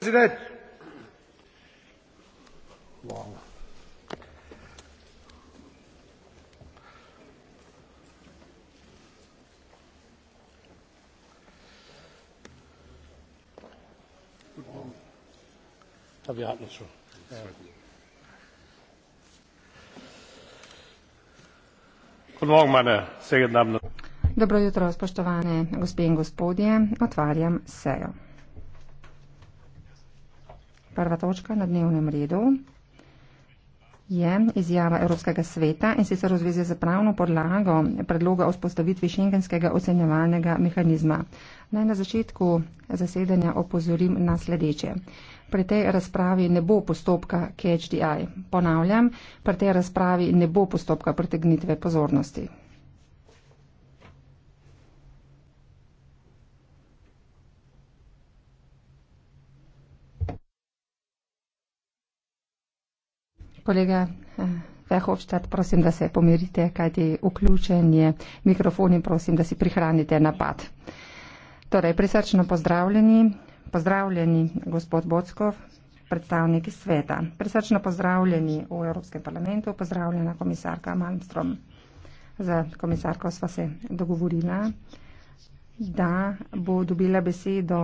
president ja, ja. dobro jutro spoštovane gospe in gospodje otvarjam sejo. Prva točka na dnevnem redu je izjava Evropskega sveta in sicer v zvezi z pravno podlago predloga o spostavitvi šengenskega ocenjevalnega mehanizma. Naj na začetku zasedanja opozorim na sledeče. Pri tej razpravi ne bo postopka KHDI. Ponavljam, pri tej razpravi ne bo postopka pritegnitve pozornosti. Kolega eh, Vehovštad, prosim, da se pomirite, kajti vključen je mikrofon in prosim, da si prihranite napad. Torej, prisrčno pozdravljeni, pozdravljeni gospod Bockov, predstavnik sveta. Prisrčno pozdravljeni v Evropskem parlamentu, pozdravljena komisarka Malmstrom. Za komisarko sva se dogovorila, da bo dobila besedo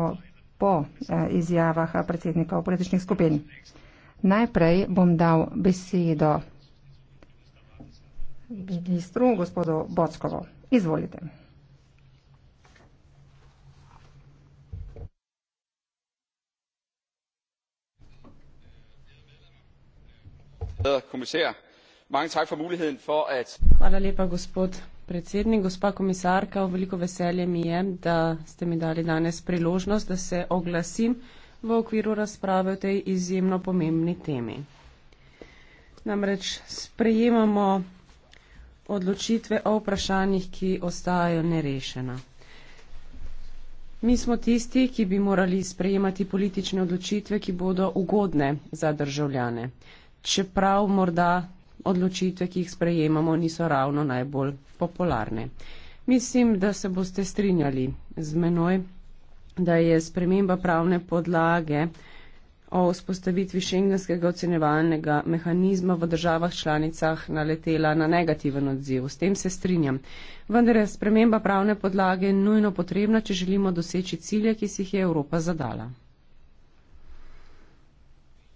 po eh, izjavah predsednikov političnih skupin. Najprej bom dal besedo ministru, gospodu Bockovo. Izvolite. Hvala lepa, gospod predsednik. Gospa komisarka, veliko veselje mi je, da ste mi dali danes priložnost, da se oglasim v okviru razprave o tej izjemno pomembni temi. Namreč sprejemamo odločitve o vprašanjih, ki ostajajo nerešena. Mi smo tisti, ki bi morali sprejemati politične odločitve, ki bodo ugodne za državljane, čeprav morda odločitve, ki jih sprejemamo, niso ravno najbolj popularne. Mislim, da se boste strinjali z menoj, da je sprememba pravne podlage o vzpostavitvi šengenskega ocenevalnega mehanizma v državah članicah naletela na negativen odziv. S tem se strinjam. Vendar je sprememba pravne podlage nujno potrebna, če želimo doseči cilje, ki si jih je Evropa zadala.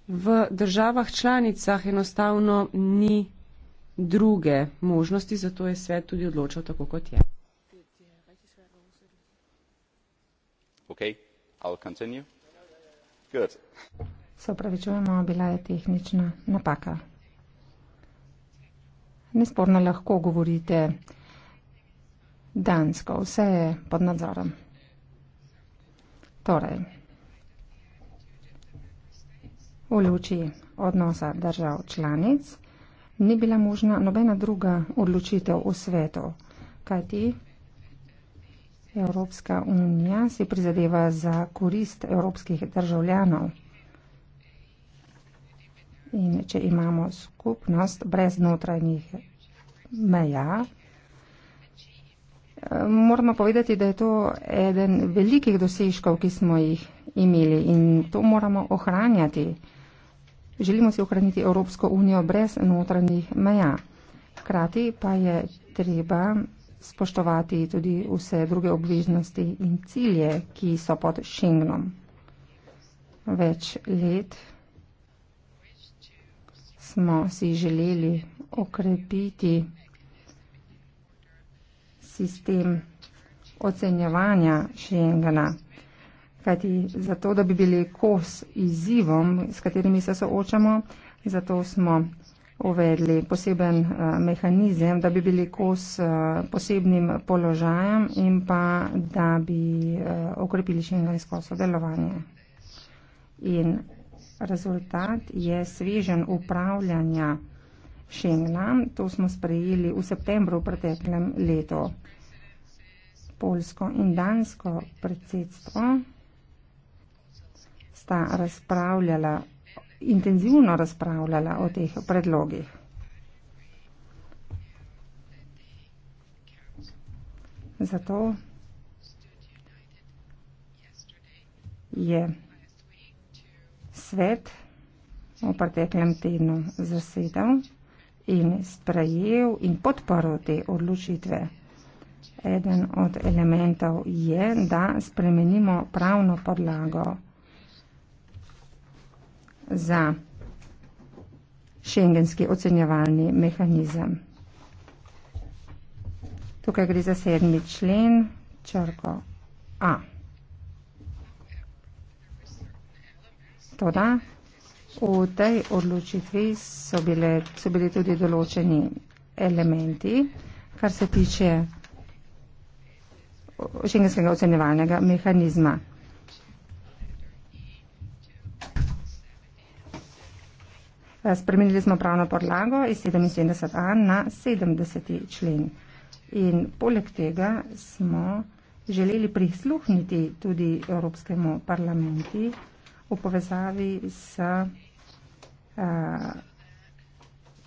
V državah članicah enostavno ni druge možnosti, zato je svet tudi odločal tako, kot je. Se upravičujemo, bila je tehnična napaka. Nesporno lahko govorite dansko, vse je pod nadzorom. Torej, v luči odnosa držav članic ni bila možna nobena druga odločitev v svetu, kajti Evropska unija si prizadeva za korist evropskih državljanov. In če imamo skupnost brez notranjih meja, moramo povedati, da je to eden velikih dosežkov, ki smo jih imeli in to moramo ohranjati. Želimo si ohraniti Evropsko unijo brez notranjih meja. Hkrati pa je treba spoštovati tudi vse druge obveznosti in cilje, ki so pod Schengenom. Več let smo si želeli okrepiti sistem ocenjevanja Schengena, kajti zato, da bi bili kos izzivom, s katerimi se soočamo, zato smo uvedli poseben eh, mehanizem, da bi bili kos eh, posebnim položajem in pa da bi eh, okrepili šengensko sodelovanje. In rezultat je svežen upravljanja Šengna. To smo sprejeli v septembru v preteklem letu. Polsko in dansko predsedstvo sta razpravljala intenzivno razpravljala o teh predlogih. Zato je svet v preteklem tednu zasedal in sprejel in podporil te odločitve. Eden od elementov je, da spremenimo pravno podlago za šengenski ocenjevalni mehanizem. Tukaj gre za sedmi člen, črko A. Toda v tej odločitvi so, bile, so bili tudi določeni elementi, kar se tiče šengenskega ocenjevalnega mehanizma. Eh, spremenili smo pravno podlago iz 77a na 70. člen. In poleg tega smo želeli prisluhniti tudi Evropskemu parlamentu v povezavi s eh,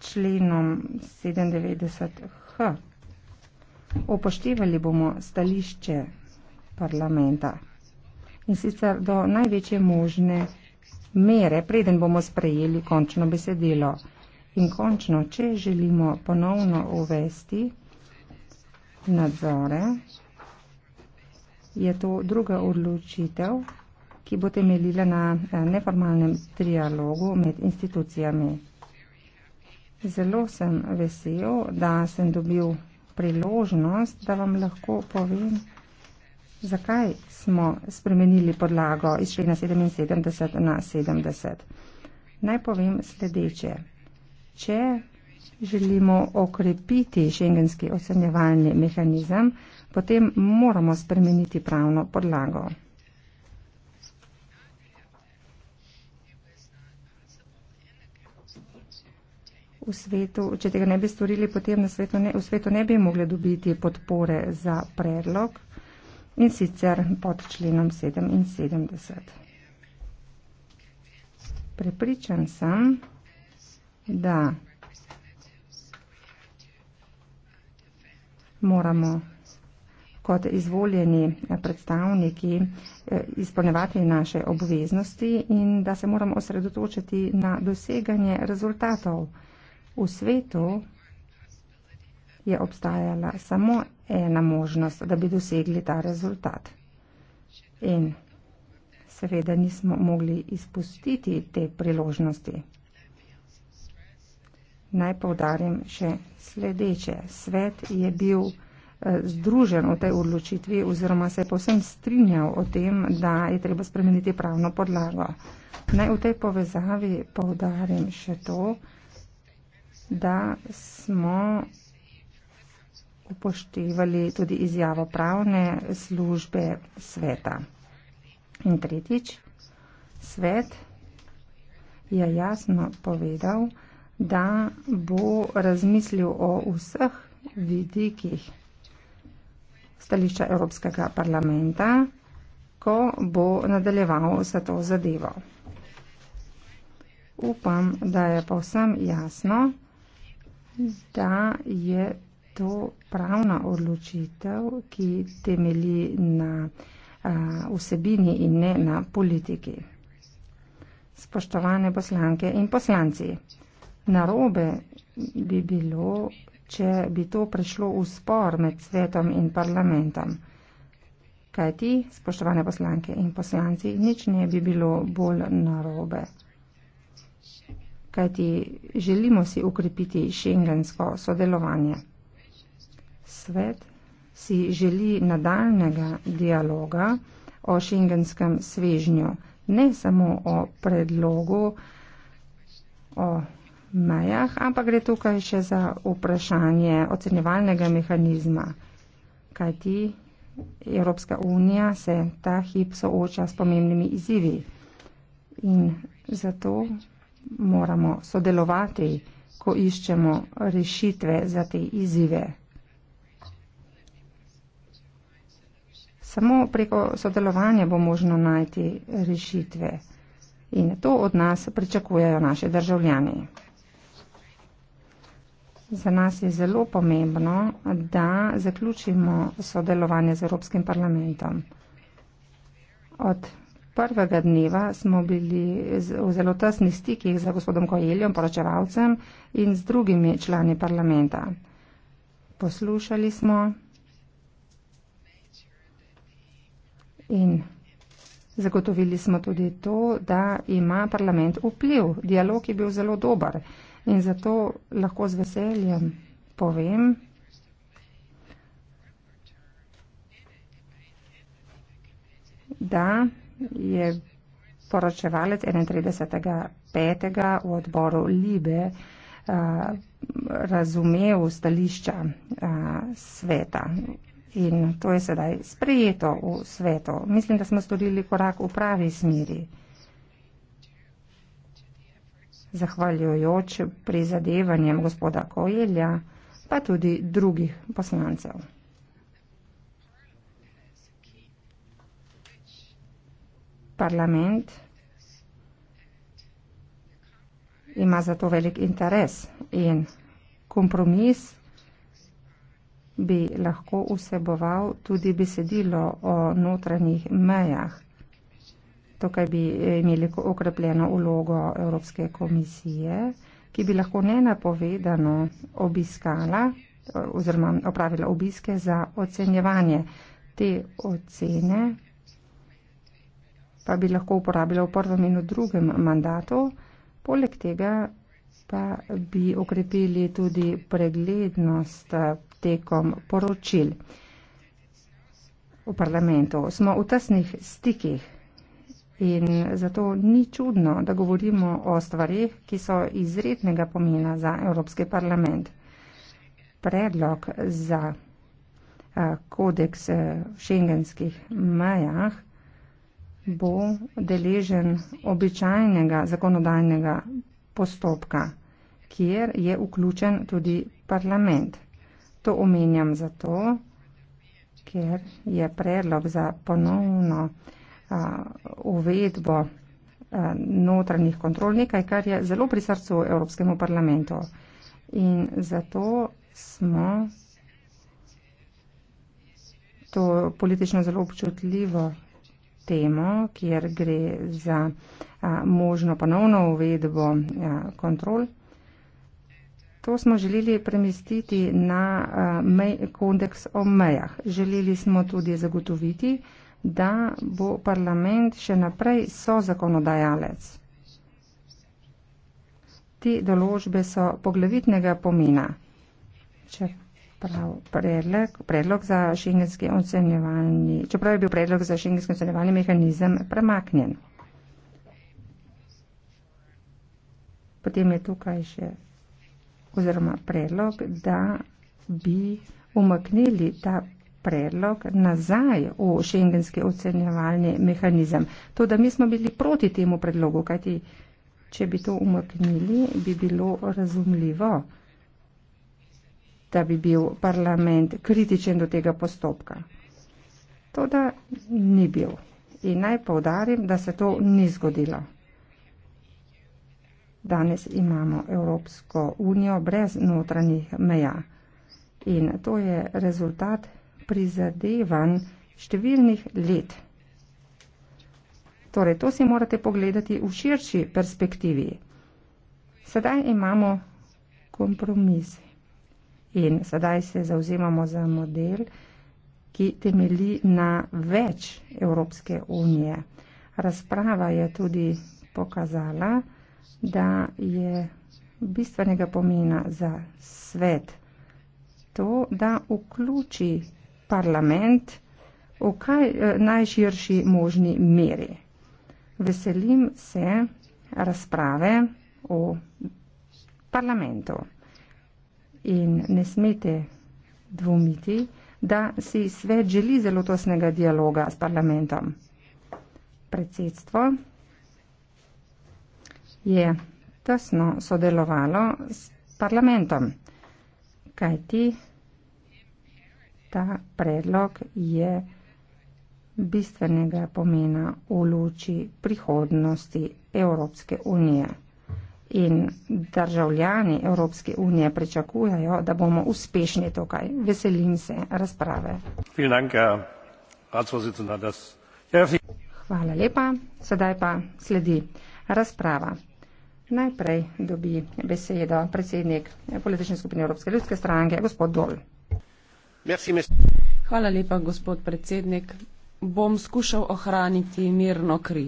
členom 97h. Opoštevali bomo stališče parlamenta in sicer do največje možne mere, preden bomo sprejeli končno besedilo. In končno, če želimo ponovno uvesti nadzore, je to druga odločitev, ki bo temeljila na eh, neformalnem trialogu med institucijami. Zelo sem vesel, da sem dobil priložnost, da vam lahko povem, Zakaj smo spremenili podlago iz člena 77 na 70? Naj povem sledeče. Če želimo okrepiti šengenski ocenjevalni mehanizem, potem moramo spremeniti pravno podlago. V svetu, če tega ne bi storili, potem svetu ne, v svetu ne bi mogli dobiti podpore za predlog, in sicer pod členom 77. Prepričan sem, da moramo kot izvoljeni predstavniki eh, izpolnevati naše obveznosti in da se moramo osredotočiti na doseganje rezultatov. V svetu je obstajala samo ena možnost, da bi dosegli ta rezultat. In seveda nismo mogli izpustiti te priložnosti. Naj povdarim še sledeče. Svet je bil eh, združen v tej odločitvi oziroma se je povsem strinjal o tem, da je treba spremeniti pravno podlago. Naj v tej povezavi povdarim še to, da smo upoštevali tudi izjavo pravne službe sveta. In tretjič, svet je jasno povedal, da bo razmislil o vseh vidikih stališča Evropskega parlamenta, ko bo nadaljeval vse to zadevo. Upam, da je povsem jasno, da je to pravna odločitev, ki temeli na a, vsebini in ne na politiki. Spoštovane poslanke in poslanci, narobe bi bilo, če bi to prišlo v spor med svetom in parlamentom. Kaj ti, spoštovane poslanke in poslanci, nič ne bi bilo bolj narobe. Kaj ti, želimo si ukrepiti šengensko sodelovanje svet si želi nadaljnega dialoga o šengenskem svežnju, ne samo o predlogu o mejah, ampak gre tukaj še za vprašanje ocenjevalnega mehanizma, kajti Evropska unija se ta hip sooča s pomembnimi izzivi in zato moramo sodelovati, ko iščemo rešitve za te izzive. Samo preko sodelovanja bo možno najti rešitve in to od nas pričakujejo naše državljani. Za nas je zelo pomembno, da zaključimo sodelovanje z Evropskim parlamentom. Od prvega dneva smo bili v zelo tesnih stikih za gospodom Kojeljem, poročevalcem in z drugimi člani parlamenta. Poslušali smo. In zagotovili smo tudi to, da ima parlament vpliv. Dialog je bil zelo dober in zato lahko z veseljem povem, da je poročevalec 31.5. v odboru Libe razumev stališča a, sveta In to je sedaj sprejeto v svetu. Mislim, da smo storili korak v pravi smeri. Zahvaljujoč prizadevanjem gospoda Kojelja, pa tudi drugih poslancev. Parlament ima zato velik interes in kompromis bi lahko vseboval tudi besedilo o notranjih mejah. Tukaj bi imeli okrepljeno ulogo Evropske komisije, ki bi lahko nenapovedano obiskala oziroma opravila obiske za ocenjevanje. Te ocene pa bi lahko uporabila v prvem in v drugem mandatu. Poleg tega pa bi okrepili tudi preglednost tekom poročil. V parlamentu smo v tesnih stikih in zato ni čudno, da govorimo o stvarih, ki so izrednega pomena za Evropski parlament. Predlog za kodeks v šengenskih majah bo deležen običajnega zakonodajnega postopka, kjer je vključen tudi parlament. To omenjam zato, ker je predlog za ponovno a, uvedbo a, notranjih kontrol nekaj, kar je zelo pri srcu Evropskemu parlamentu. In zato smo to politično zelo občutljivo temo, kjer gre za a, možno ponovno uvedbo a, kontrol, To smo želeli premestiti na eh, mej, kodeks o mejah. Želeli smo tudi zagotoviti, da bo parlament še naprej so zakonodajalec. Te določbe so poglavitnega pomena. Če prav predlog, predlog za šengenski ocenjevalni, čeprav je bil predlog za šengenski ocenjevalni mehanizem premaknjen. Potem je tukaj še oziroma predlog, da bi umaknili ta predlog nazaj v šengenski ocenjevalni mehanizem. To, da mi smo bili proti temu predlogu, kajti če bi to umaknili, bi bilo razumljivo, da bi bil parlament kritičen do tega postopka. To, da ni bil. In naj povdarim, da se to ni zgodilo. Danes imamo Evropsko unijo brez notranjih meja. In to je rezultat prizadevanj številnih let. Torej, to si morate pogledati v širši perspektivi. Sedaj imamo kompromis in sedaj se zauzemamo za model, ki temeli na več Evropske unije. Razprava je tudi pokazala, da je bistvenega pomena za svet to, da vključi parlament v kaj eh, najširši možni meri. Veselim se razprave o parlamentu in ne smete dvomiti, da si svet želi zelo tosnega dialoga s parlamentom. Predsedstvo je tesno sodelovalo s parlamentom, kajti ta predlog je bistvenega pomena v luči prihodnosti Evropske unije. In državljani Evropske unije pričakujajo, da bomo uspešni tukaj. Veselim se razprave. Ja, Hvala lepa. Sedaj pa sledi razprava. Najprej dobi besedo predsednik politične skupine Evropske ljudske stranke, gospod Dol. Hvala lepa, gospod predsednik. Bom skušal ohraniti mirno kri.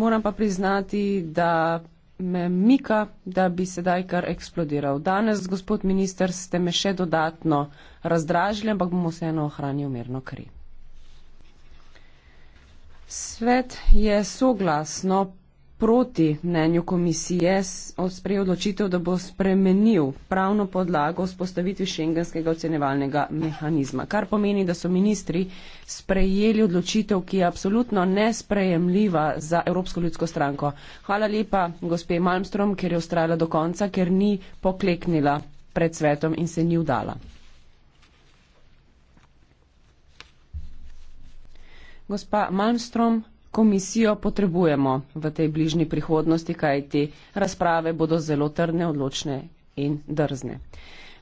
Moram pa priznati, da me mika, da bi sedaj kar eksplodiral. Danes, gospod minister, ste me še dodatno razdražili, ampak bom vseeno ohranil mirno kri. Svet je soglasno proti mnenju komisije sprejel odločitev, da bo spremenil pravno podlago vzpostavitvi šengenskega ocenevalnega mehanizma. Kar pomeni, da so ministri sprejeli odločitev, ki je absolutno nesprejemljiva za Evropsko ljudsko stranko. Hvala lepa gospe Malmstrom, ker je ustrajala do konca, ker ni pokleknila pred svetom in se ni vdala. Gospa Malmstrom, komisijo potrebujemo v tej bližnji prihodnosti, kajti razprave bodo zelo trdne, odločne in drzne.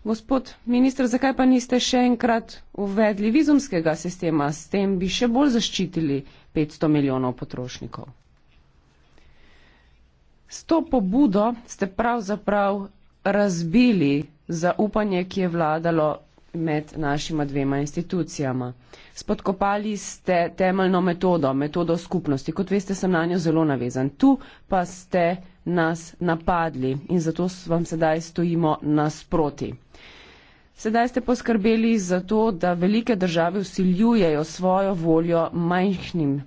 Gospod minister, zakaj pa niste še enkrat uvedli vizumskega sistema, s tem bi še bolj zaščitili 500 milijonov potrošnikov? S to pobudo ste pravzaprav razbili zaupanje, ki je vladalo med našima dvema institucijama. Spodkopali ste temeljno metodo, metodo skupnosti. Kot veste, sem na njo zelo navezan. Tu pa ste nas napadli in zato vam sedaj stojimo nasproti. Sedaj ste poskrbeli za to, da velike države usiljujejo svojo voljo manjšnim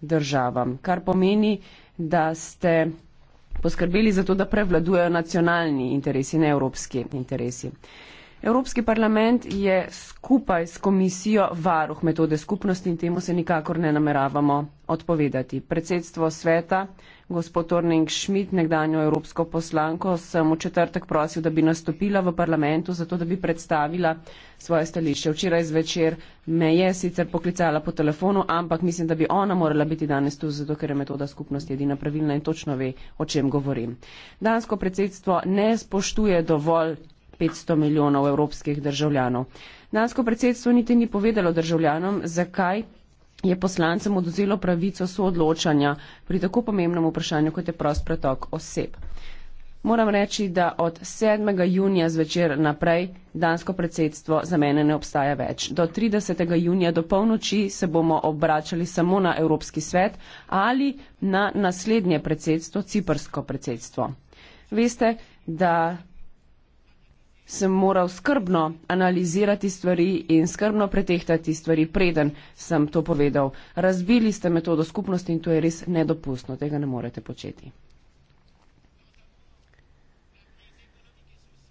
državam, kar pomeni, da ste poskrbeli za to, da prevladujejo nacionalni interesi, ne evropski interesi. Uh, Evropski parlament je skupaj s komisijo varuh metode skupnosti in temu se nikakor ne nameravamo odpovedati. Predsedstvo sveta, gospod Torning Schmidt, nekdanjo evropsko poslanko, sem v četrtek prosil, da bi nastopila v parlamentu, zato da bi predstavila svoje stališče. Včeraj zvečer me je sicer poklicala po telefonu, ampak mislim, da bi ona morala biti danes tu, zato ker je metoda skupnosti edina pravilna in točno ve, o čem govorim. Dansko predsedstvo ne spoštuje dovolj 500 milijonov evropskih državljanov. Dansko predsedstvo niti ni povedalo državljanom, zakaj je poslancem oduzelo pravico soodločanja pri tako pomembnem vprašanju, kot je prost pretok oseb. Moram reči, da od 7. junija zvečer naprej dansko predsedstvo za mene ne obstaja več. Do 30. junija do polnoči se bomo obračali samo na Evropski svet ali na naslednje predsedstvo, ciprsko predsedstvo. Veste, da sem moral skrbno analizirati stvari in skrbno pretehtati stvari, preden sem to povedal. Razbili ste metodo skupnosti in to je res nedopustno, tega ne morete početi.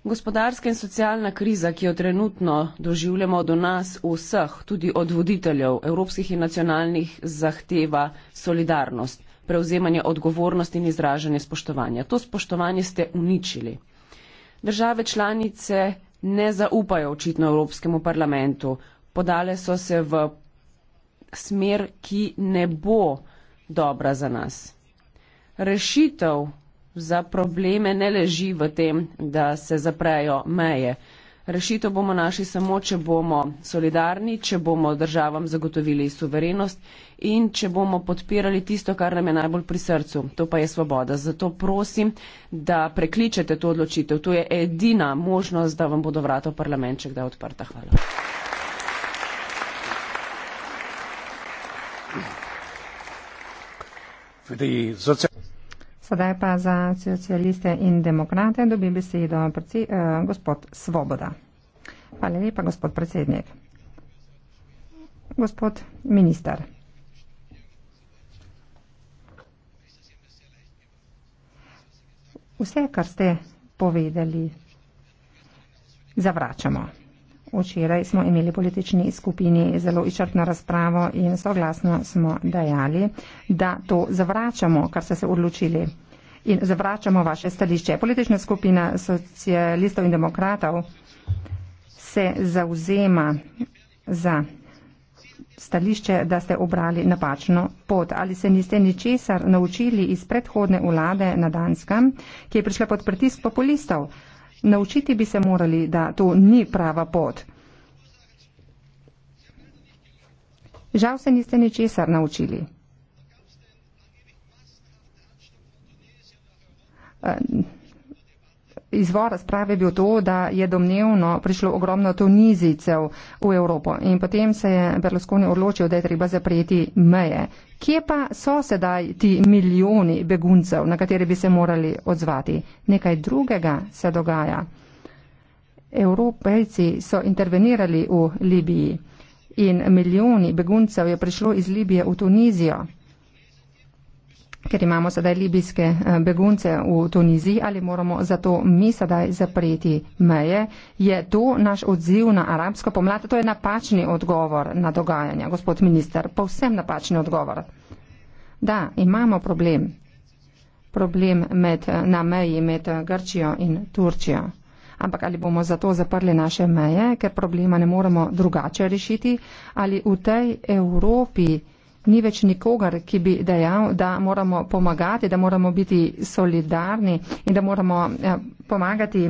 Gospodarska in socialna kriza, ki jo trenutno doživljamo do nas vseh, tudi od voditeljev evropskih in nacionalnih, zahteva solidarnost, prevzemanje odgovornosti in izražanje spoštovanja. To spoštovanje ste uničili. Države članice ne zaupajo očitno Evropskemu parlamentu. Podale so se v smer, ki ne bo dobra za nas. Rešitev za probleme ne leži v tem, da se zaprejo meje. Rešitev bomo našli samo, če bomo solidarni, če bomo državam zagotovili suverenost in če bomo podpirali tisto, kar nam je najbolj pri srcu, to pa je svoboda. Zato prosim, da prekličete to odločitev. To je edina možnost, da vam bodo vrata v parlament, če kdaj odprta. Hvala. Sedaj pa za socialiste in demokrate dobi besedo predse, eh, gospod Svoboda. Hvala lepa, gospod predsednik. Gospod minister. Vse, kar ste povedali, zavračamo. Včeraj smo imeli v politični skupini zelo izčrpno razpravo in soglasno smo dejali, da to zavračamo, kar ste se odločili. In zavračamo vaše stališče. Politična skupina socialistov in demokratov se zauzema za stališče, da ste obrali napačno pot. Ali se niste ničesar naučili iz predhodne vlade na Danskem, ki je prišla pod pritisk populistov? Naučiti bi se morali, da to ni prava pot. Žal se niste ničesar naučili. Uh, izvor razprave je bil to, da je domnevno prišlo ogromno tunizicev v Evropo in potem se je Berlusconi odločil, da je treba zapreti meje. Kje pa so sedaj ti milijoni beguncev, na katere bi se morali odzvati? Nekaj drugega se dogaja. Evropejci so intervenirali v Libiji in milijoni beguncev je prišlo iz Libije v Tunizijo. Ker imamo sedaj libijske eh, begunce v Tuniziji, ali moramo zato mi sedaj zapreti meje? Je to naš odziv na arabsko pomlad? To je napačni odgovor na dogajanja, gospod minister. Povsem napačni odgovor. Da, imamo problem. Problem med, eh, na meji med eh, Grčijo in Turčijo. Ampak ali bomo zato zaprli naše meje, ker problema ne moremo drugače rešiti, ali v tej Evropi ni več nikogar, ki bi dejal, da moramo pomagati, da moramo biti solidarni in da moramo eh, pomagati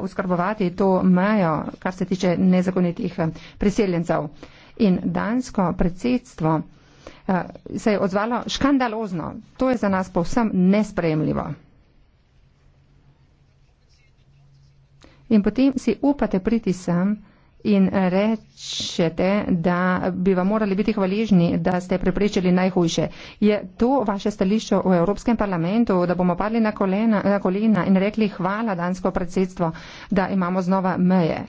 uskrbovati eh, to mejo, kar se tiče nezakonitih eh, priseljencev. In dansko predsedstvo se je odzvalo škandalozno. To je za nas povsem nespremljivo. In potem si upate priti sem in rečete, da bi vam morali biti hvaležni, da ste preprečili najhujše. Je to vaše stališče v Evropskem parlamentu, da bomo padli na, kolena, na kolena in rekli hvala dansko predsedstvo, da imamo znova meje?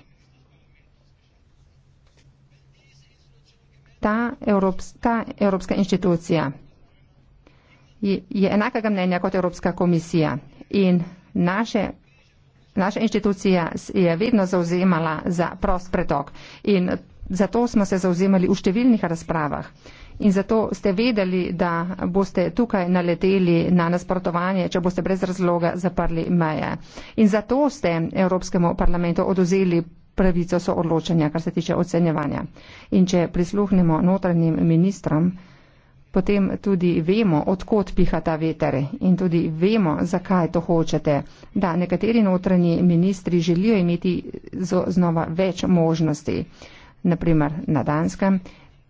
Ta evropska, evropska inštitucija je, je enakega mnenja kot Evropska komisija in naše Naša inštitucija je vedno zauzemala za prost pretok in zato smo se zauzemali v številnih razpravah. In zato ste vedeli, da boste tukaj naleteli na nasprotovanje, če boste brez razloga zaprli meje. In zato ste Evropskemu parlamentu oduzeli pravico soodločanja, kar se tiče ocenjevanja. In če prisluhnemo notranjim ministrom, potem tudi vemo, odkot piha ta veter in tudi vemo, zakaj to hočete. Da, nekateri notranji ministri želijo imeti znova več možnosti, naprimer na Danskem.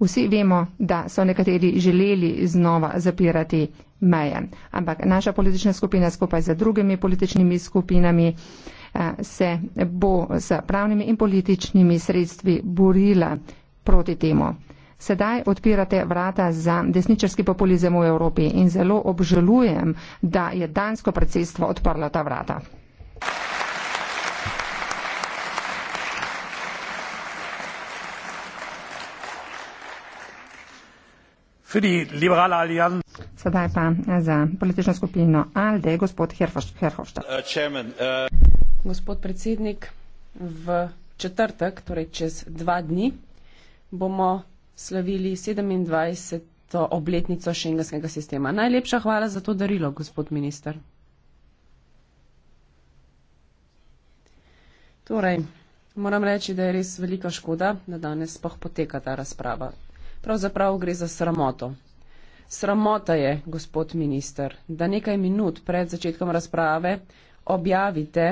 Vsi vemo, da so nekateri želeli znova zapirati meje, ampak naša politična skupina skupaj z drugimi političnimi skupinami eh, se bo s pravnimi in političnimi sredstvi borila proti temu. Sedaj odpirate vrata za desničarski populizem v Evropi in zelo obžalujem, da je dansko predsedstvo odprlo ta vrata. Sedaj pa za politično skupino ALDE, gospod Herhofštad. Uh, uh... Gospod predsednik, v četrtek, torej čez dva dni, bomo slavili 27. obletnico šengenskega sistema. Najlepša hvala za to darilo, gospod minister. Torej, moram reči, da je res velika škoda, da danes spoh poteka ta razprava. Pravzaprav gre za sramoto. Sramota je, gospod minister, da nekaj minut pred začetkom razprave objavite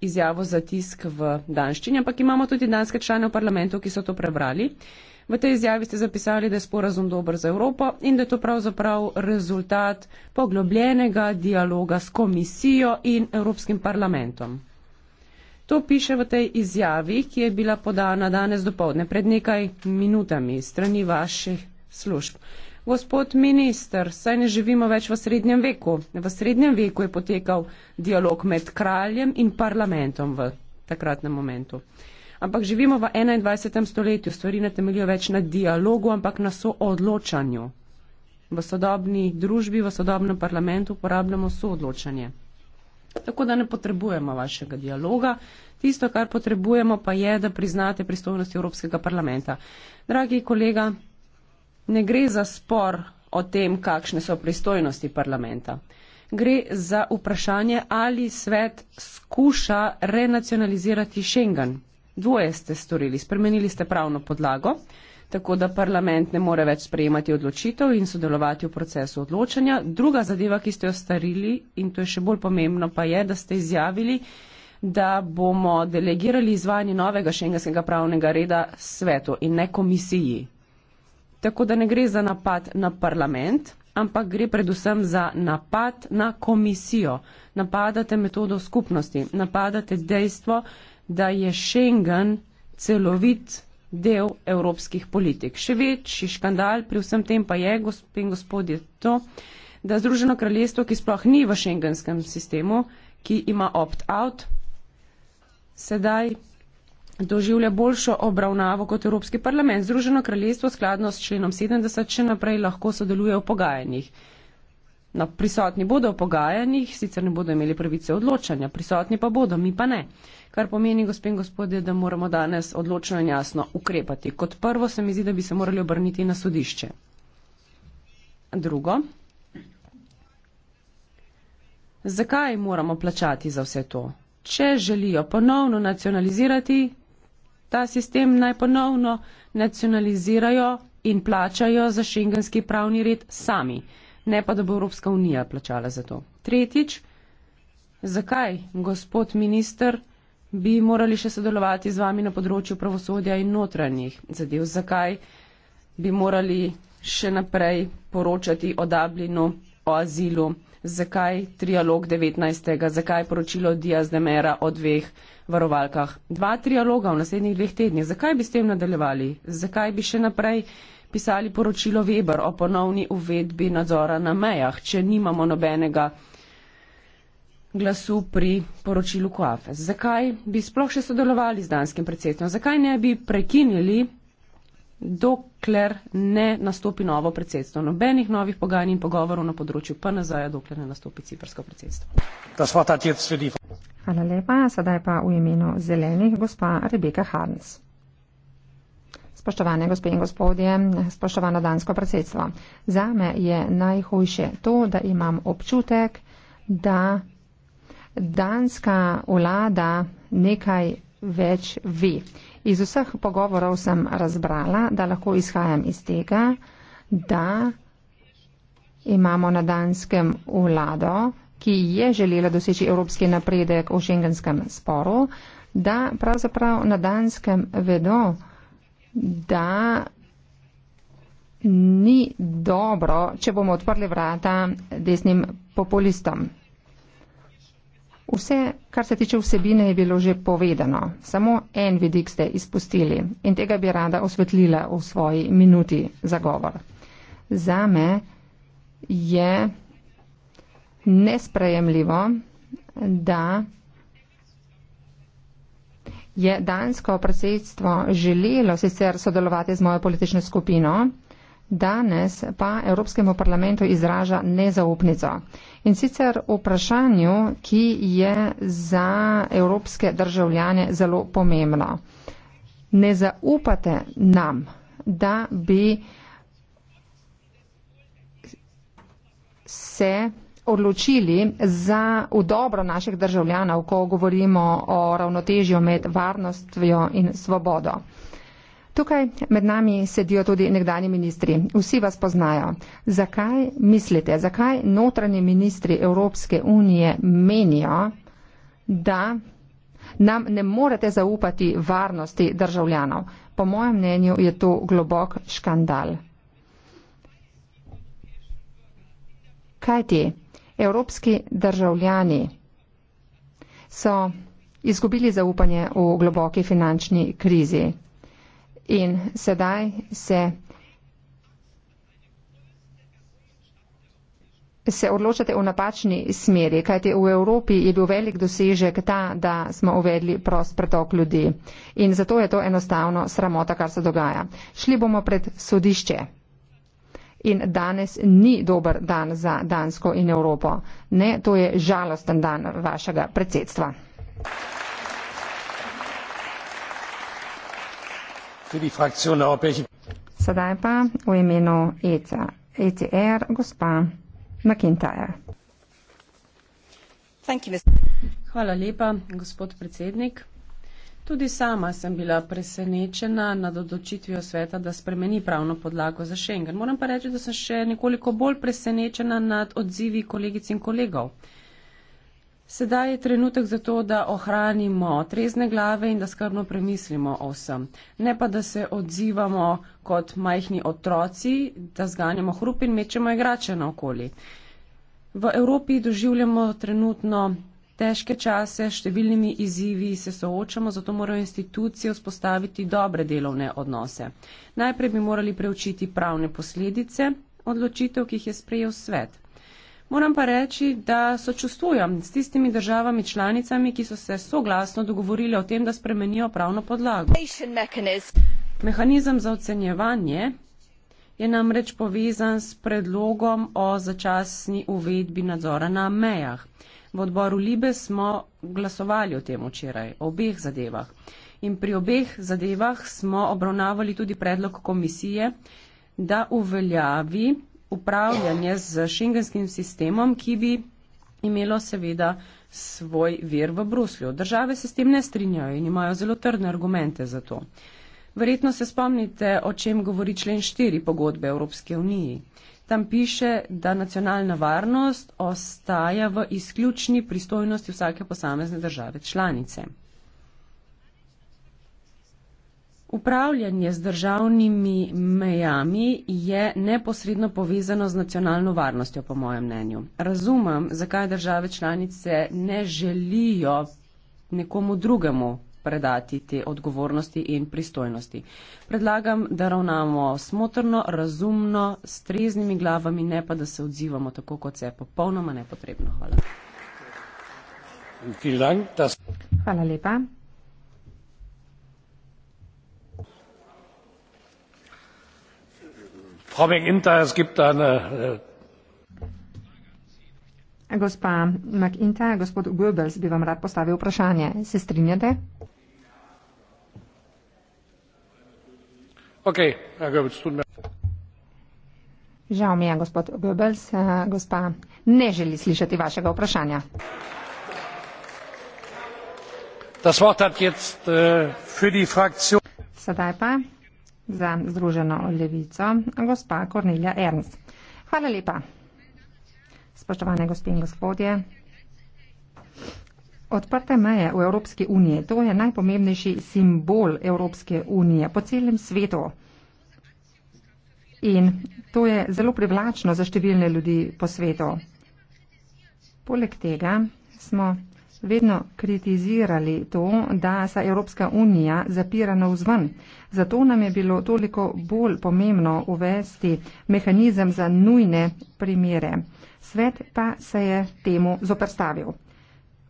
izjavo za tisk v danščini, ampak imamo tudi danske člane v parlamentu, ki so to prebrali. V tej izjavi ste zapisali, da je sporazum dober za Evropo in da je to pravzaprav rezultat poglobljenega dialoga s komisijo in Evropskim parlamentom. To piše v tej izjavi, ki je bila podana danes dopovdne pred nekaj minutami strani vaših služb. Gospod minister, saj ne živimo več v srednjem veku. V srednjem veku je potekal dialog med kraljem in parlamentom v takratnem momentu. Ampak živimo v 21. stoletju, stvari ne temeljijo več na dialogu, ampak na soodločanju. V sodobni družbi, v sodobnem parlamentu uporabljamo soodločanje. Tako da ne potrebujemo vašega dialoga. Tisto, kar potrebujemo, pa je, da priznate pristojnosti Evropskega parlamenta. Dragi kolega, ne gre za spor o tem, kakšne so pristojnosti parlamenta. Gre za vprašanje, ali svet skuša renacionalizirati Schengen dvoje ste storili, spremenili ste pravno podlago, tako da parlament ne more več sprejemati odločitev in sodelovati v procesu odločanja. Druga zadeva, ki ste jo starili, in to je še bolj pomembno, pa je, da ste izjavili, da bomo delegirali izvajanje novega šengenskega pravnega reda svetu in ne komisiji. Tako da ne gre za napad na parlament ampak gre predvsem za napad na komisijo. Napadate metodo skupnosti, napadate dejstvo, da je Schengen celovit del evropskih politik. Še večji škandal pri vsem tem pa je, gospod in gospodje, to, da Združeno kraljestvo, ki sploh ni v šengenskem sistemu, ki ima opt-out, sedaj doživlja boljšo obravnavo kot Evropski parlament. Združeno kraljestvo skladno s členom 70 še naprej lahko sodeluje v pogajanjih. Na no, prisotni bodo v pogajanjih, sicer ne bodo imeli pravice odločanja, prisotni pa bodo, mi pa ne. Kar pomeni, gospe in gospodje, da moramo danes odločno in jasno ukrepati. Kot prvo se mi zdi, da bi se morali obrniti na sodišče. Drugo. Zakaj moramo plačati za vse to? Če želijo ponovno nacionalizirati ta sistem, naj ponovno nacionalizirajo in plačajo za šengenski pravni red sami ne pa, da bo Evropska unija plačala za to. Tretjič, zakaj, gospod minister, bi morali še sodelovati z vami na področju pravosodja in notranjih zadev? Zakaj bi morali še naprej poročati o Dublinu, o azilu? Zakaj trialog 19. Zakaj poročilo Diaz de Mera o dveh varovalkah? Dva trialoga v naslednjih dveh tednih. Zakaj bi s tem nadaljevali? Zakaj bi še naprej pisali poročilo Weber o ponovni uvedbi nadzora na mejah, če nimamo nobenega glasu pri poročilu Koafes. Zakaj bi sploh še sodelovali z danskim predsedstvom? Zakaj ne bi prekinili, dokler ne nastopi novo predsedstvo? Nobenih novih pogajanj in pogovorov na področju PNZ-ja, dokler ne nastopi ciprsko predsedstvo. Hvala lepa. Sedaj pa v imenu zelenih gospa Rebeka Harns. Spoštovane gospe in gospodje, spoštovano dansko predsedstvo. Zame je najhujše to, da imam občutek, da danska vlada nekaj več ve. Iz vseh pogovorov sem razbrala, da lahko izhajam iz tega, da imamo na danskem vlado, ki je želela doseči evropski napredek v šengenskem sporu, da pravzaprav na danskem vedo, da ni dobro, če bomo odprli vrata desnim populistom. Vse, kar se tiče vsebine, je bilo že povedano. Samo en vidik ste izpustili in tega bi rada osvetlila v svoji minuti za govor. Za me je nesprejemljivo, da je dansko predsedstvo želelo sicer sodelovati z mojo politično skupino, danes pa Evropskemu parlamentu izraža nezaupnico. In sicer v vprašanju, ki je za evropske državljane zelo pomembno. Ne zaupate nam, da bi se odločili za v dobro naših državljanov, ko govorimo o ravnotežju med varnostjo in svobodo. Tukaj med nami sedijo tudi nekdani ministri. Vsi vas poznajo. Zakaj mislite, zakaj notranji ministri Evropske unije menijo, da nam ne morete zaupati varnosti državljanov? Po mojem mnenju je to globok škandal. Kaj ti je? Evropski državljani so izgubili zaupanje v globoki finančni krizi in sedaj se, se odločate v napačni smeri, kajti v Evropi je bil velik dosežek ta, da smo uvedli prost pretok ljudi in zato je to enostavno sramota, kar se dogaja. Šli bomo pred sodišče in danes ni dober dan za Dansko in Evropo. Ne, to je žalosten dan vašega predsedstva. Sedaj pa v imenu ECA, ECR gospa McIntyre. Hvala lepa, gospod predsednik. Tudi sama sem bila presenečena nad odločitvijo sveta, da spremeni pravno podlago za Schengen. Moram pa reči, da sem še nekoliko bolj presenečena nad odzivi kolegic in kolegov. Sedaj je trenutek za to, da ohranimo trezne glave in da skrbno premislimo o vsem. Ne pa, da se odzivamo kot majhni otroci, da zganjamo hrup in mečemo igrače na okoli. V Evropi doživljamo trenutno težke čase, številnimi izzivi se soočamo, zato morajo institucije vzpostaviti dobre delovne odnose. Najprej bi morali preučiti pravne posledice odločitev, ki jih je sprejel svet. Moram pa reči, da sočustvujem s tistimi državami članicami, ki so se soglasno dogovorile o tem, da spremenijo pravno podlago. Mehanizem za ocenjevanje je namreč povezan s predlogom o začasni uvedbi nadzora na mejah. V odboru Libe smo glasovali o tem včeraj, o obeh zadevah. In pri obeh zadevah smo obravnavali tudi predlog komisije, da uveljavi upravljanje z šengenskim sistemom, ki bi imelo seveda svoj vir v Bruslju. Države se s tem ne strinjajo in imajo zelo trdne argumente za to. Verjetno se spomnite, o čem govori člen 4 pogodbe Evropske unije. Tam piše, da nacionalna varnost ostaja v izključni pristojnosti vsake posamezne države članice. Upravljanje z državnimi mejami je neposredno povezano z nacionalno varnostjo, po mojem mnenju. Razumem, zakaj države članice ne želijo nekomu drugemu predati te odgovornosti in pristojnosti. Predlagam, da ravnamo smotrno, razumno, s treznimi glavami, ne pa da se odzivamo tako, kot se je popolnoma nepotrebno. Hvala. Hvala lepa. Frau McInter, es gibt eine. Äh, Gospa McInter, gospod Goebbels bi vam rad postavil vprašanje. Se strinjate? Ja, Žal mi je, gospod Goebbels, eh, gospa ne želi slišati vašega vprašanja. Äh, Sedaj pa za Združeno levico gospa Kornelija Ernst. Hvala lepa. Spoštovane gospe in gospodje, Odprta meja v Evropski uniji, to je najpomembnejši simbol Evropske unije po celem svetu. In to je zelo privlačno za številne ljudi po svetu. Poleg tega smo vedno kritizirali to, da se Evropska unija zapira na vzven. Zato nam je bilo toliko bolj pomembno uvesti mehanizem za nujne primere. Svet pa se je temu zoprstavil.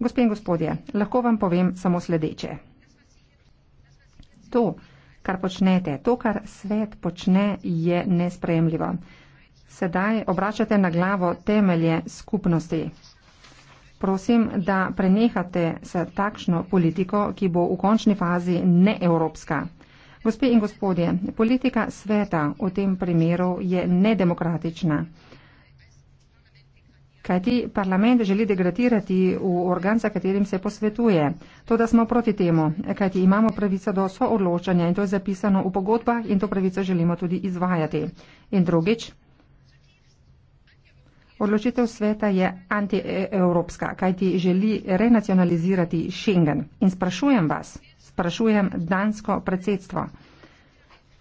Gospe in gospodje, lahko vam povem samo sledeče. To, kar počnete, to, kar svet počne, je nespremljivo. Sedaj obračate na glavo temelje skupnosti. Prosim, da prenehate s takšno politiko, ki bo v končni fazi neevropska. Gospe in gospodje, politika sveta v tem primeru je nedemokratična kajti parlament želi degradirati v organ, za katerim se posvetuje. To, da smo proti temu, kajti imamo pravico do soodločanja in to je zapisano v pogodbah in to pravico želimo tudi izvajati. In drugič, odločitev sveta je antievropska, kajti želi renacionalizirati Schengen. In sprašujem vas, sprašujem dansko predsedstvo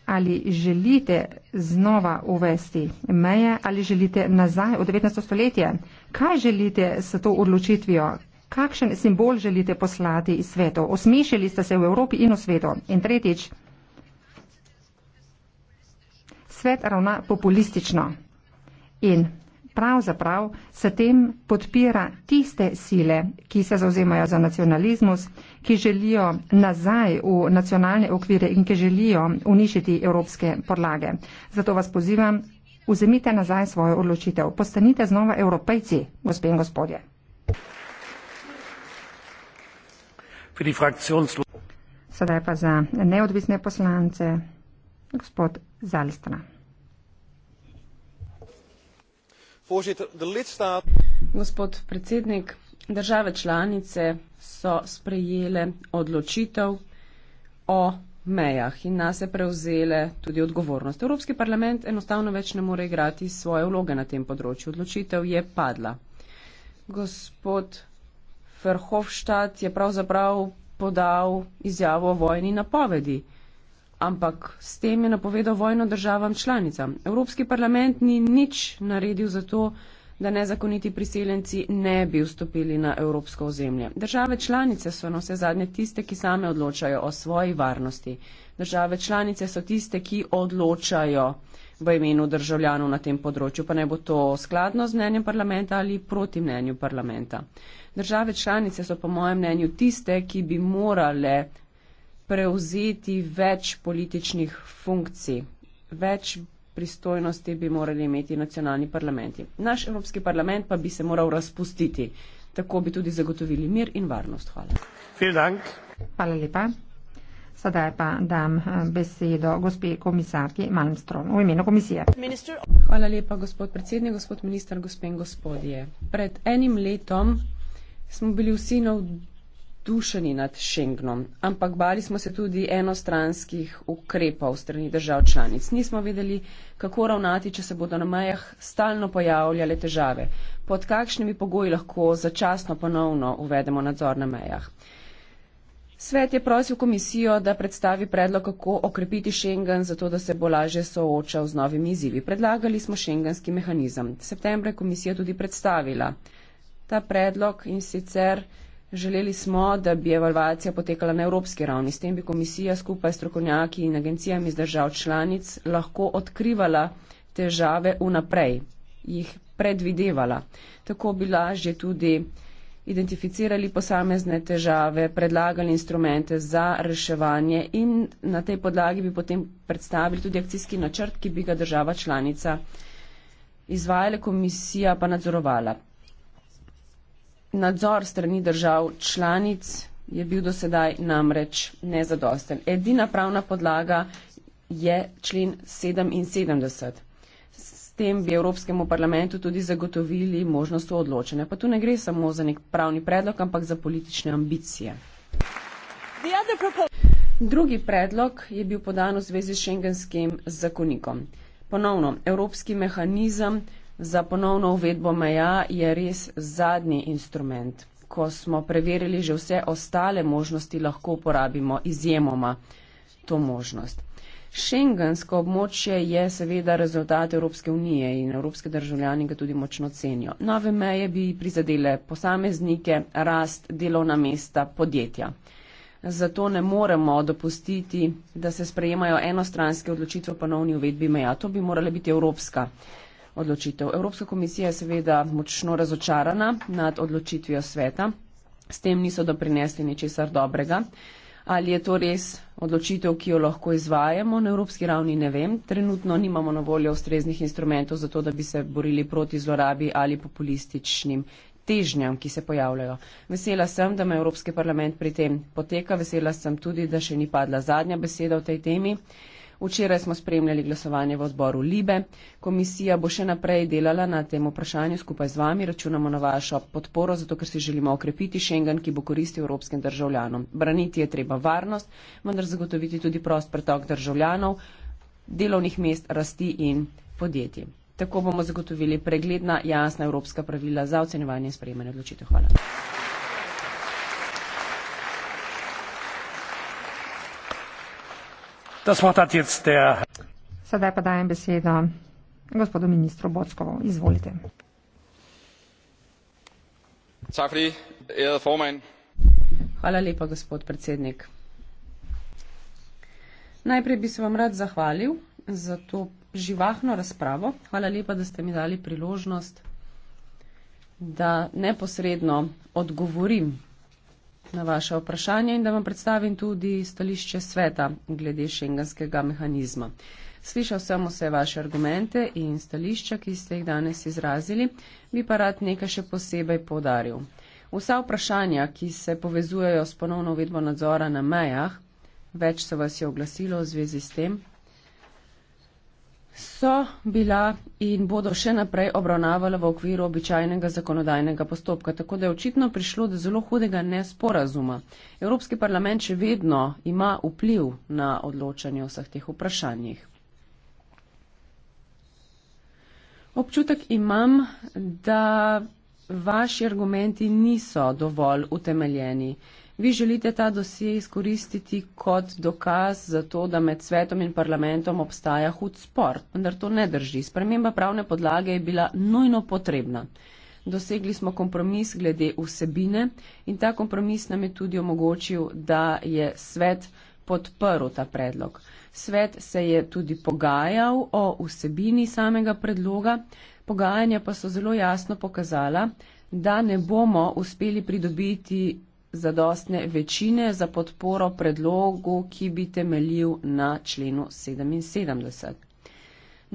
ali želite znova uvesti meje ali želite nazaj v 19. stoletje. Kaj želite s to odločitvijo? Kakšen simbol želite poslati svetu? Osmišljali ste se v Evropi in v svetu. In tretjič, svet ravna populistično. In pravzaprav s tem podpira tiste sile, ki se zauzemajo za nacionalizmus, ki želijo nazaj v nacionalne okvire in ki želijo unišiti evropske podlage. Zato vas pozivam, vzemite nazaj svojo odločitev, postanite znova evropejci, gospe in gospodje. Sedaj pa za neodvisne poslance, gospod Zalstra. Gospod predsednik, države članice so sprejele odločitev o mejah in nas je prevzele tudi odgovornost. Evropski parlament enostavno več ne more igrati svoje vloge na tem področju. Odločitev je padla. Gospod Verhofstadt je pravzaprav podal izjavo o vojni napovedi ampak s tem je napovedal vojno državam članicam. Evropski parlament ni nič naredil za to, da nezakoniti priseljenci ne bi vstopili na evropsko ozemlje. Države članice so na vse zadnje tiste, ki same odločajo o svoji varnosti. Države članice so tiste, ki odločajo v imenu državljanov na tem področju, pa ne bo to skladno z mnenjem parlamenta ali proti mnenju parlamenta. Države članice so po mojem mnenju tiste, ki bi morale prevzeti več političnih funkcij, več pristojnosti bi morali imeti nacionalni parlamenti. Naš Evropski parlament pa bi se moral razpustiti. Tako bi tudi zagotovili mir in varnost. Hvala. Hvala lepa. Sedaj pa dam eh, besedo gospe komisarki Malmström v imenu komisije. Hvala lepa, gospod predsednik, gospod minister, gospe in gospodje. Pred enim letom smo bili vsi navdušeni navdušeni nad Schengnom, ampak bali smo se tudi enostranskih ukrepov strani držav članic. Nismo vedeli, kako ravnati, če se bodo na mejah stalno pojavljale težave, pod kakšnimi pogoji lahko začasno ponovno uvedemo nadzor na mejah. Svet je prosil komisijo, da predstavi predlog, kako okrepiti Schengen, zato da se bo lažje soočal z novimi izzivi. Predlagali smo šengenski mehanizem. Septembra je komisija tudi predstavila ta predlog in sicer Želeli smo, da bi evalvacija potekala na evropski ravni. S tem bi komisija skupaj s trokovnjaki in agencijami iz držav članic lahko odkrivala težave vnaprej, jih predvidevala. Tako bi lažje tudi identificirali posamezne težave, predlagali instrumente za reševanje in na tej podlagi bi potem predstavili tudi akcijski načrt, ki bi ga država članica izvajala, komisija pa nadzorovala. Nadzor strani držav članic je bil do sedaj namreč nezadosten. Edina pravna podlaga je člen 77. S tem bi Evropskemu parlamentu tudi zagotovili možnost odločanja. Pa tu ne gre samo za nek pravni predlog, ampak za politične ambicije. Drugi predlog je bil podan v zvezi s šengenskim zakonikom. Ponovno, evropski mehanizem Za ponovno uvedbo meja je res zadnji instrument. Ko smo preverili že vse ostale možnosti, lahko uporabimo izjemoma to možnost. Šengensko območje je seveda rezultat Evropske unije in evropske državljani ga tudi močno cenijo. Nove meje bi prizadele posameznike, rast, delovna mesta, podjetja. Zato ne moremo dopustiti, da se sprejemajo enostranske odločitve o ponovni uvedbi meja. To bi morala biti evropska odločitev. Evropska komisija je seveda močno razočarana nad odločitvijo sveta, s tem niso doprinesli ničesar dobrega. Ali je to res odločitev, ki jo lahko izvajamo na evropski ravni, ne vem. Trenutno nimamo na voljo ustreznih instrumentov za to, da bi se borili proti zlorabi ali populističnim težnjam, ki se pojavljajo. Vesela sem, da me Evropski parlament pri tem poteka, vesela sem tudi, da še ni padla zadnja beseda o tej temi. Včeraj smo spremljali glasovanje v odboru Libe. Komisija bo še naprej delala na tem vprašanju skupaj z vami. Računamo na vašo podporo, zato ker si želimo okrepiti Schengen, ki bo koristil evropskim državljanom. Braniti je treba varnost, vendar zagotoviti tudi prost pretok državljanov, delovnih mest, rasti in podjetij. Tako bomo zagotovili pregledna, jasna evropska pravila za ocenjevanje in sprejemanje odločitev. Hvala. Sedaj pa dajem besedo gospodu ministru Bockovu. Izvolite. Hvala lepa, gospod predsednik. Najprej bi se vam rad zahvalil za to živahno razpravo. Hvala lepa, da ste mi dali priložnost, da neposredno odgovorim na vaše vprašanje in da vam predstavim tudi stališče sveta glede šengenskega mehanizma. Slišal sem vse vaše argumente in stališča, ki ste jih danes izrazili, bi pa rad nekaj še posebej podaril. Vsa vprašanja, ki se povezujejo s ponovno uvedbo nadzora na mejah, več se vas je oglasilo v zvezi s tem, so bila in bodo še naprej obravnavala v okviru običajnega zakonodajnega postopka, tako da je očitno prišlo do zelo hudega nesporazuma. Evropski parlament še vedno ima vpliv na odločanje o vseh teh vprašanjih. Občutek imam, da vaši argumenti niso dovolj utemeljeni. Vi želite ta dosje izkoristiti kot dokaz za to, da med svetom in parlamentom obstaja hud spor, vendar to ne drži. Sprememba pravne podlage je bila nujno potrebna. Dosegli smo kompromis glede vsebine in ta kompromis nam je tudi omogočil, da je svet podprl ta predlog. Svet se je tudi pogajal o vsebini samega predloga, pogajanja pa so zelo jasno pokazala, da ne bomo uspeli pridobiti zadostne večine za podporo predlogu, ki bi temeljil na členu 77.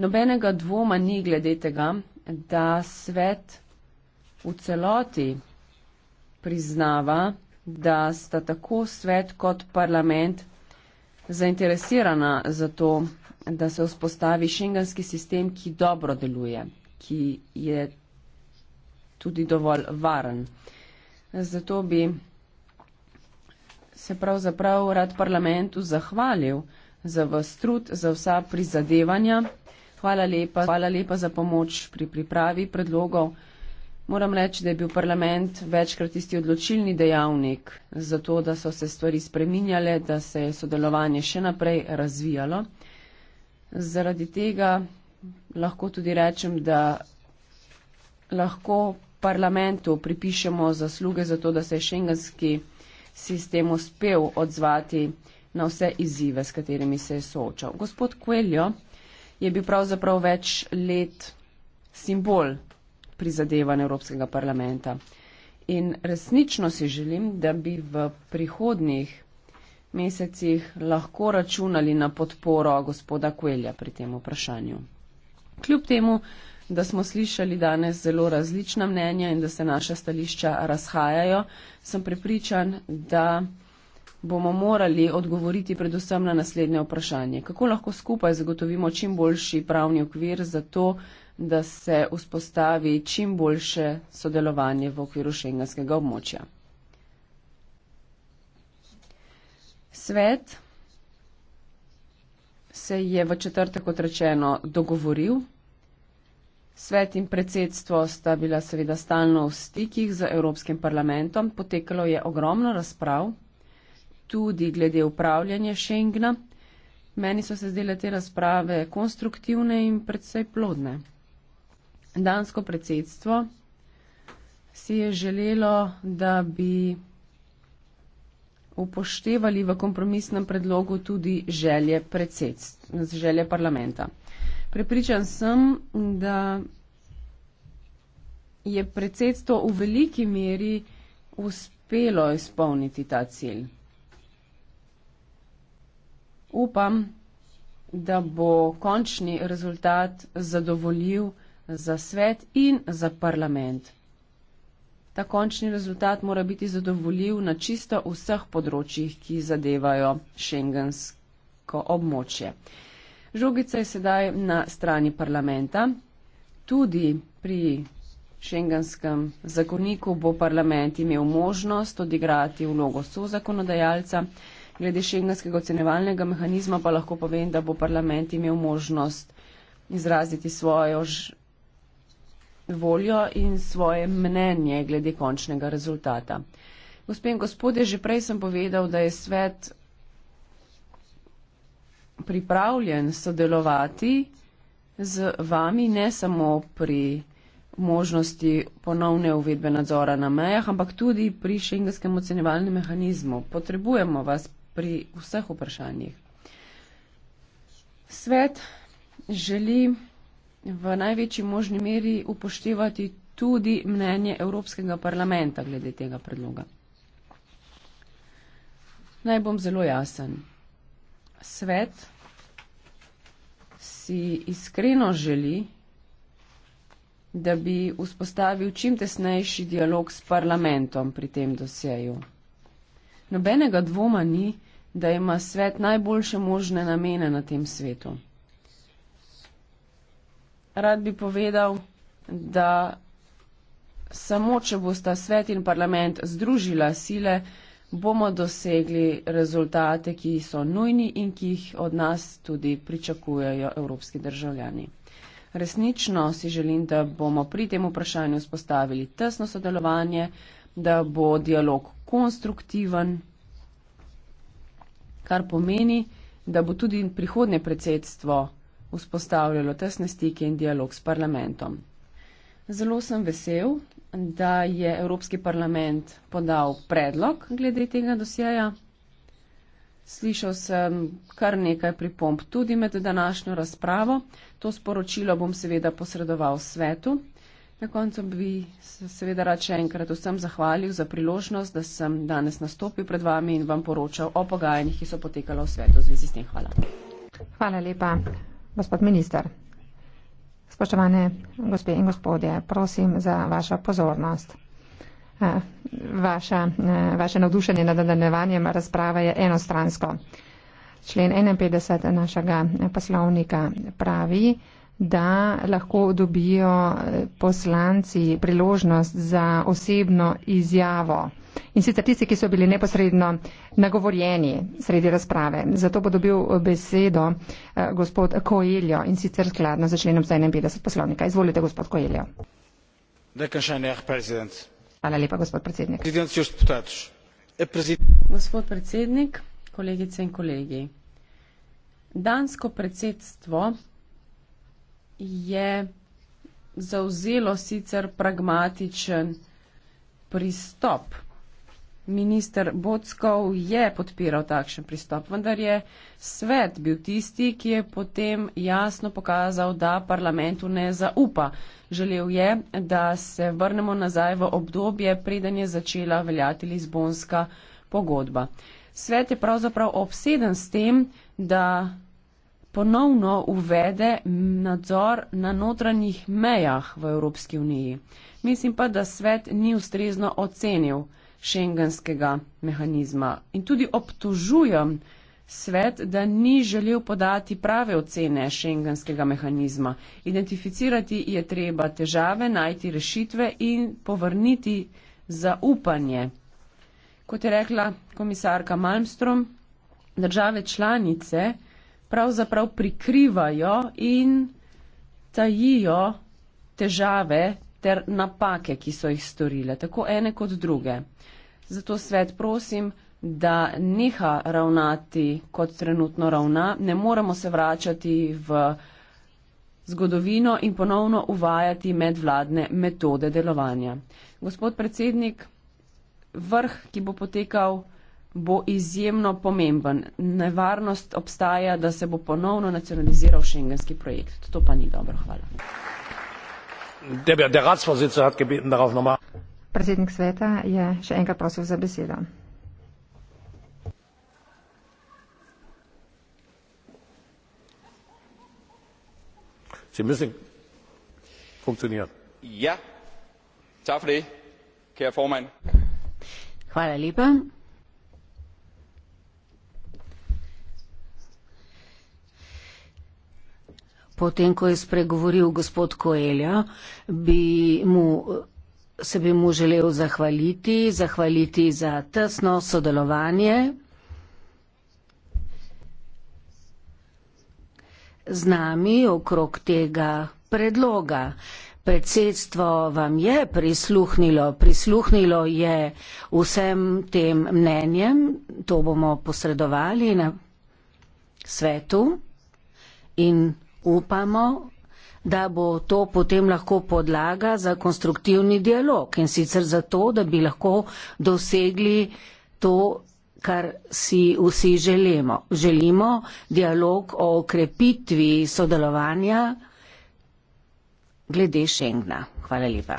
Nobenega dvoma ni glede tega, da svet v celoti priznava, da sta tako svet kot parlament zainteresirana za to, da se vzpostavi šengenski sistem, ki dobro deluje, ki je tudi dovolj varen. Zato bi se pravzaprav rad parlamentu zahvalil za vas trud, za vsa prizadevanja. Hvala lepa, hvala lepa za pomoč pri pripravi predlogov. Moram reči, da je bil parlament večkrat tisti odločilni dejavnik za to, da so se stvari spreminjale, da se je sodelovanje še naprej razvijalo. Zaradi tega lahko tudi rečem, da lahko parlamentu pripišemo zasluge za to, da se je šengenski parlament sistem uspel odzvati na vse izzive, s katerimi se je soočal. Gospod Kueljo je bil pravzaprav več let simbol prizadevanja Evropskega parlamenta. In resnično si želim, da bi v prihodnjih mesecih lahko računali na podporo gospoda Kuelja pri tem vprašanju. Kljub temu, da smo slišali danes zelo različna mnenja in da se naša stališča razhajajo. Sem prepričan, da bomo morali odgovoriti predvsem na naslednje vprašanje. Kako lahko skupaj zagotovimo čim boljši pravni okvir za to, da se vzpostavi čim boljše sodelovanje v okviru šengenskega območja? Svet se je v četrtek, kot rečeno, dogovoril Svet in predsedstvo sta bila seveda stalno v stikih z Evropskim parlamentom, potekalo je ogromno razprav, tudi glede upravljanja Schengna. Meni so se zdele te razprave konstruktivne in predvsej plodne. Dansko predsedstvo si je želelo, da bi upoštevali v kompromisnem predlogu tudi želje, želje parlamenta. Prepričan sem, da je predsedstvo v veliki meri uspelo izpolniti ta cilj. Upam, da bo končni rezultat zadovoljiv za svet in za parlament. Ta končni rezultat mora biti zadovoljiv na čisto vseh področjih, ki zadevajo šengensko območje. Žogica je sedaj na strani parlamenta. Tudi pri šengenskem zakoniku bo parlament imel možnost odigrati vlogo sozakonodajalca. Glede šengenskega ocenevalnega mehanizma pa lahko povem, da bo parlament imel možnost izraziti svojo voljo in svoje mnenje glede končnega rezultata. Gospod in gospode, že prej sem povedal, da je svet pripravljen sodelovati z vami, ne samo pri možnosti ponovne uvedbe nadzora na mejah, ampak tudi pri šengenskem ocenjevalnem mehanizmu. Potrebujemo vas pri vseh vprašanjih. Svet želi v največji možni meri upoštevati tudi mnenje Evropskega parlamenta glede tega predloga. Naj bom zelo jasen svet si iskreno želi, da bi vzpostavil čim tesnejši dialog s parlamentom pri tem dosjeju. Nobenega dvoma ni, da ima svet najboljše možne namene na tem svetu. Rad bi povedal, da samo če bosta svet in parlament združila sile, bomo dosegli rezultate, ki so nujni in ki jih od nas tudi pričakujejo evropski državljani. Resnično si želim, da bomo pri tem vprašanju spostavili tesno sodelovanje, da bo dialog konstruktiven, kar pomeni, da bo tudi prihodnje predsedstvo vzpostavljalo tesne stike in dialog s parlamentom. Zelo sem vesel, da je Evropski parlament podal predlog glede tega dosjeja. Slišal sem kar nekaj pripomb tudi med današnjo razpravo. To sporočilo bom seveda posredoval svetu. Na koncu bi se seveda rad še enkrat vsem zahvalil za priložnost, da sem danes nastopil pred vami in vam poročal o pogajanjih, ki so potekala v svetu v zvezi s tem. Hvala. Hvala lepa, gospod minister. Spoštovane gospe in gospodje, prosim za vašo pozornost. Eh, vaša, eh, vaše navdušenje nad nadaljevanjem razprave je enostransko. Člen 51 našega poslovnika pravi, da lahko dobijo poslanci priložnost za osebno izjavo in sicer tisti, ki so bili neposredno nagovorjeni sredi razprave. Zato bo dobil besedo eh, gospod Koeljo in sicer skladno za členom 51 poslovnika. Izvolite, gospod Koeljo. Hvala lepa, gospod predsednik. Gospod predsednik, kolegice in kolegi. Dansko predsedstvo je zauzelo sicer pragmatičen pristop Minister Bockov je podpiral takšen pristop, vendar je svet bil tisti, ki je potem jasno pokazal, da parlamentu ne zaupa. Želel je, da se vrnemo nazaj v obdobje, preden je začela veljati Lizbonska pogodba. Svet je pravzaprav obseden s tem, da ponovno uvede nadzor na notranjih mejah v Evropski uniji. Mislim pa, da svet ni ustrezno ocenil šengenskega mehanizma. In tudi obtožujem svet, da ni želel podati prave ocene šengenskega mehanizma. Identificirati je treba težave, najti rešitve in povrniti zaupanje. Kot je rekla komisarka Malmstrom, države članice pravzaprav prikrivajo in tajijo težave, ter napake, ki so jih storile, tako ene kot druge. Zato svet prosim, da neha ravnati, kot trenutno ravna, ne moremo se vračati v zgodovino in ponovno uvajati medvladne metode delovanja. Gospod predsednik, vrh, ki bo potekal, bo izjemno pomemben. Nevarnost obstaja, da se bo ponovno nacionaliziral šengenski projekt. To pa ni dobro. Hvala. Der Ratsvorsitzende hat gebeten, darauf nochmal. Präsident Sveta, je še enkrat prosil za besedo. Sie müssen funktionieren. Ja, tafli, Herr Vormann. Hvala lepa. Potem, ko je spregovoril gospod Koelja, bi mu, se bi mu želel zahvaliti, zahvaliti za tesno sodelovanje z nami okrog tega predloga. Predsedstvo vam je prisluhnilo, prisluhnilo je vsem tem mnenjem, to bomo posredovali na svetu in upamo, da bo to potem lahko podlaga za konstruktivni dialog in sicer zato, da bi lahko dosegli to, kar si vsi želimo. Želimo dialog o okrepitvi sodelovanja glede Schengna. Hvala lepa.